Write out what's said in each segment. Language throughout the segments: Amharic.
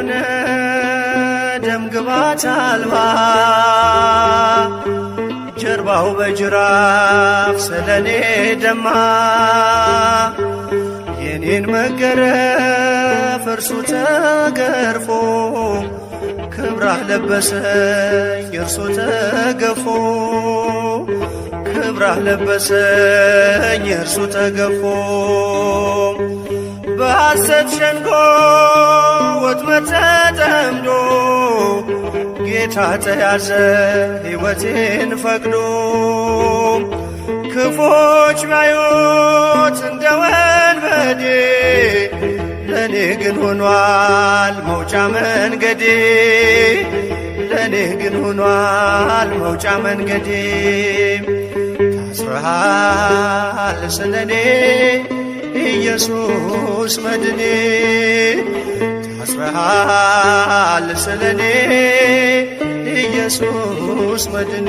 ሆነ ደምግባት አልባ ጀርባው በጅራፍ ስለኔ ደማ የኔን መገረፍ እርሱ ተገርፎ ክብራህ ለበሰኝ እርሱ ተገፎ ክብራህ ለበሰኝ እርሱ ተገፎ በሐሰት ሸንጎ በሕይወት ተጠምዶ ጌታ ተያዘ ሕይወቴን ፈቅዶ ክፎች ባዩት እንደ ወንበዴ ለእኔ ግን ሆኗል መውጫ መንገዴ ለእኔ ግን ሆኗል መውጫ መንገዴ ታስረሃል ስለኔ ኢየሱስ መድኔ አጽፈሃል ስለኔ ኢየሱስ መድኔ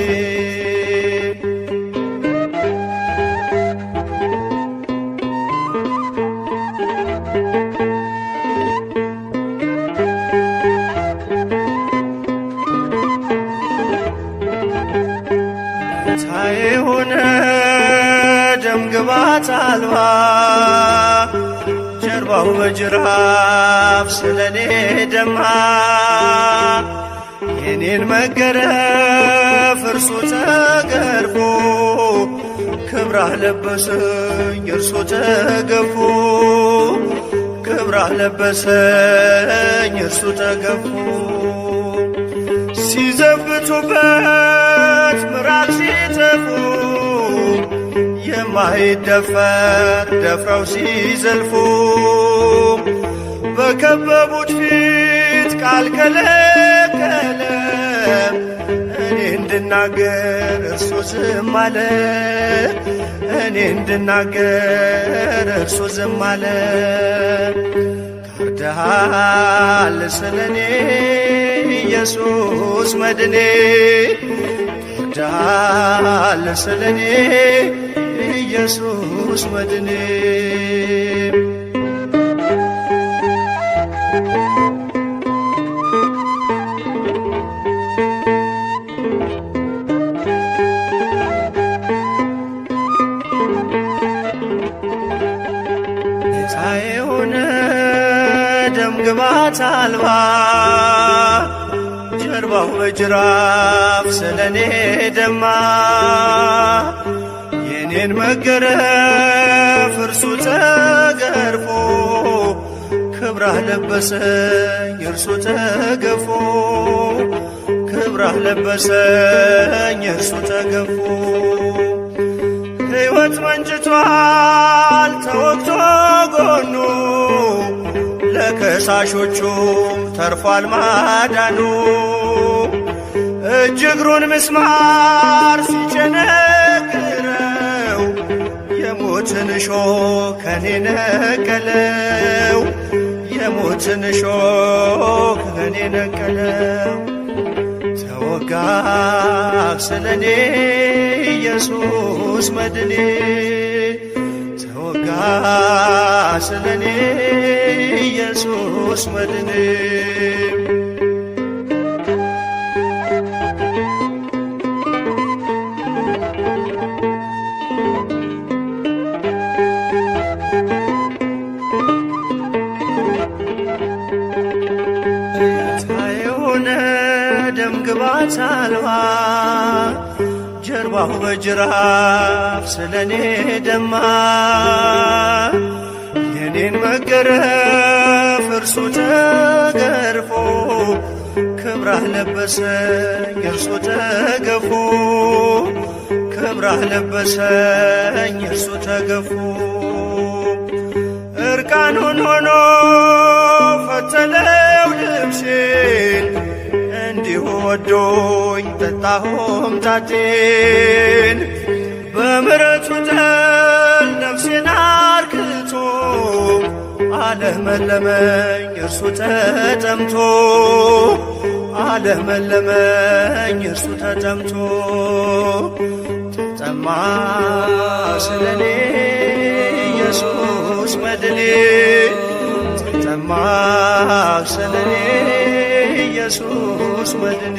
ጌታዬ ሆነ አልባ የገባው በጅራፍ ስለኔ ደማ የኔን መገረፍ ተገርቦ ተገርፎ ክብራ ለበሰኝ እርሱ ተገፎ ክብራ ለበሰኝ ተገፉ ተገፎ ሲዘብቱበት ማይደፈር ደፍረው ሲዘልፉ በከበቡት ፊት ቃል ከለከለ እኔ እንድናገር እርሱ ዝም አለ። እኔ እንድናገር እርሱ ዝም አለ። ካርደሃል ስለኔ ኢየሱስ መድኔ ካርደሃል ስለኔ ኢየሱስ ወድኔ የሆነ ደም ግባት አልባ ጀርባው በጅራፍ ስለኔ ደማ መገረፍ እርሱ ተገርፎ ክብራህ ለበሰኝ እርሱ ተገፎ ክብራህ ለበሰኝ እርሱ ተገፎ ሕይወት መንጭቷል ተወግቶ ጎኑ ለከሳሾቹ ተርፏል ማዳኑ እጅ እግሩን ምስማር ሲጨነቅ የሞትን ሾህ ከኔ ነቀለው የሞትን ሾህ ከኔ ነቀለው ተወጋ ስለኔ ኢየሱስ መድኔ ተወጋ ስለኔ ኢየሱስ መድኔ ጥፋት አልባ ጀርባው በጅራፍ ስለኔ ደማ የኔን መገረፍ እርሱ ተገርፎ ክብራህ ለበሰ እርሱ ተገፎ ክብራህ ለበሰኝ እርሱ ተገፎ ወዶኝ ጠጣሁም ታጄን በምረቱ ጠል ነፍሴን አርክቶ አለመለመኝ እርሱ ተጠምቶ አለመለመኝ እርሱ ተጠምቶ ተጠማ ስለኔ ኢየሱስ መድኔ ተጠማ ስለኔ ኢየሱስ ወልድ